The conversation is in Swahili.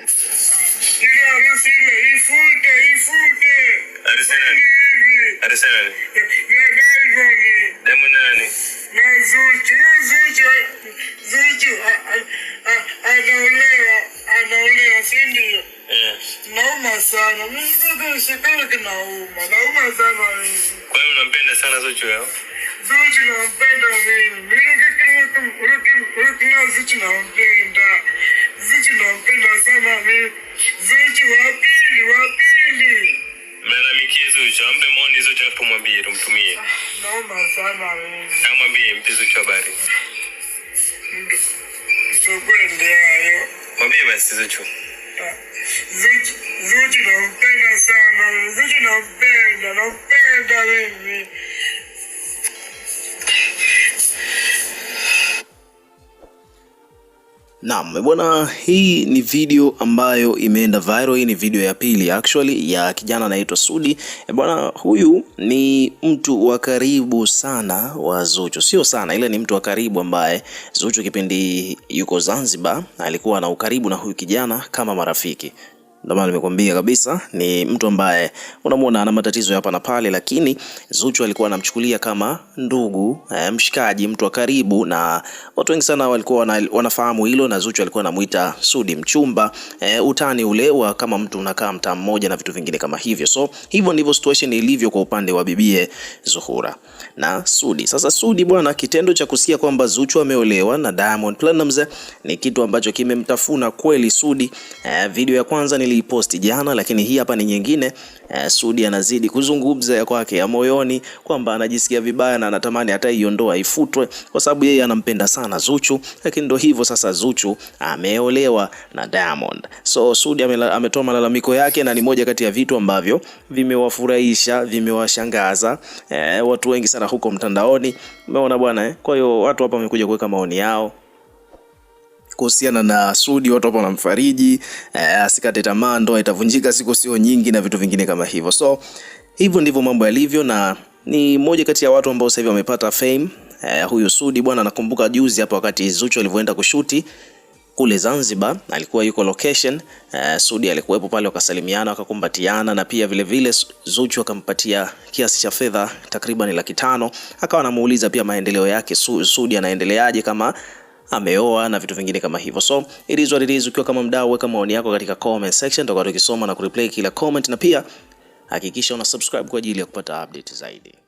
Ile harusi ile ifute, ifute. Harusi nani? Harusi nani? Na Diamond. Diamond nani? Na Zuchu, Zuchu, Zuchu anaolewa, anaolewa, si ndio? Nauma sana. Mimi sikuwa kinauma. Nauma sana. Kwa hiyo unampenda sana Zuchu yao? Zuchu nampenda mimi. Mimi nikikumbuka Zuchu nampenda mami zuchu wapili wapili mlalamikie Zuchu, ampe maoni Zuchu alafu mwambie tumtumie. Ah, naomba sana mimi. Amwambie mpe Zuchu habari. Ndokwendea Mwambie basi Zuchu. Ah, zuchu, Zuchu nampenda sana. Zuchu nampenda, nampenda mimi. Naam, bwana, hii ni video ambayo imeenda viral. Hii ni video ya pili actually ya kijana anaitwa Sudi. Eh, bwana, huyu ni mtu wa karibu sana wa Zuchu, sio sana, ila ni mtu wa karibu ambaye Zuchu kipindi yuko Zanzibar alikuwa na ukaribu na huyu kijana kama marafiki. Ndio maana nimekwambia kabisa ni mtu ambaye unamuona ana matatizo hapa na pale, lakini Zuchu alikuwa anamchukulia kama ndugu eh, mshikaji, mtu wa karibu, na watu wengi sana walikuwa wana, wanafahamu hilo, na Zuchu alikuwa anamuita Sudi mchumba eh, utani ule wa kama mtu unakaa mtaa mmoja na vitu vingine kama hivyo. So hivyo ndivyo situation ilivyo kwa upande wa bibie Zuhura na Sudi. Sasa Sudi bwana, kitendo cha kusikia kwamba Zuchu ameolewa na Diamond Platnumz ni kitu ambacho kimemtafuna kweli Sudi. Eh, video ya kwanza ni niliiposti jana, lakini hii hapa ni nyingine. Eh, Sudi anazidi kuzungumza ya kwake ya moyoni kwamba anajisikia vibaya na anatamani hata iondoa ifutwe, kwa sababu yeye anampenda sana Zuchu, lakini ndo hivyo sasa, Zuchu ameolewa na Diamond. So Sudi ametoa malalamiko yake na ni moja kati ya vitu ambavyo vimewafurahisha, vimewashangaza eh, watu wengi sana huko mtandaoni. Umeona bwana eh? Kwa hiyo watu hapa wamekuja kuweka maoni yao kuhusiana na Sudi, watu hapa wanamfariji eh, asikate tamaa, ndoa itavunjika siku sio nyingi na vitu vingine kama hivyo. So hivyo ndivyo mambo yalivyo, na ni mmoja kati ya watu ambao sasa hivi wamepata fame eh, huyu Sudi bwana. Nakumbuka juzi hapa wakati Zuchu alivyoenda kushuti kule Zanzibar alikuwa yuko location eh, Sudi alikuwepo pale, wakasalimiana wakakumbatiana, na pia vile vile Zuchu akampatia kiasi cha fedha takriban laki tano. Akawa anamuuliza pia maendeleo yake, Sudi anaendeleaje kama ameoa na vitu vingine kama hivyo. So it is what it is. Ukiwa kama mdau, weka maoni yako katika comment section, tutakuwa tukisoma na kureply kila comment, na pia hakikisha una subscribe kwa ajili ya kupata update zaidi.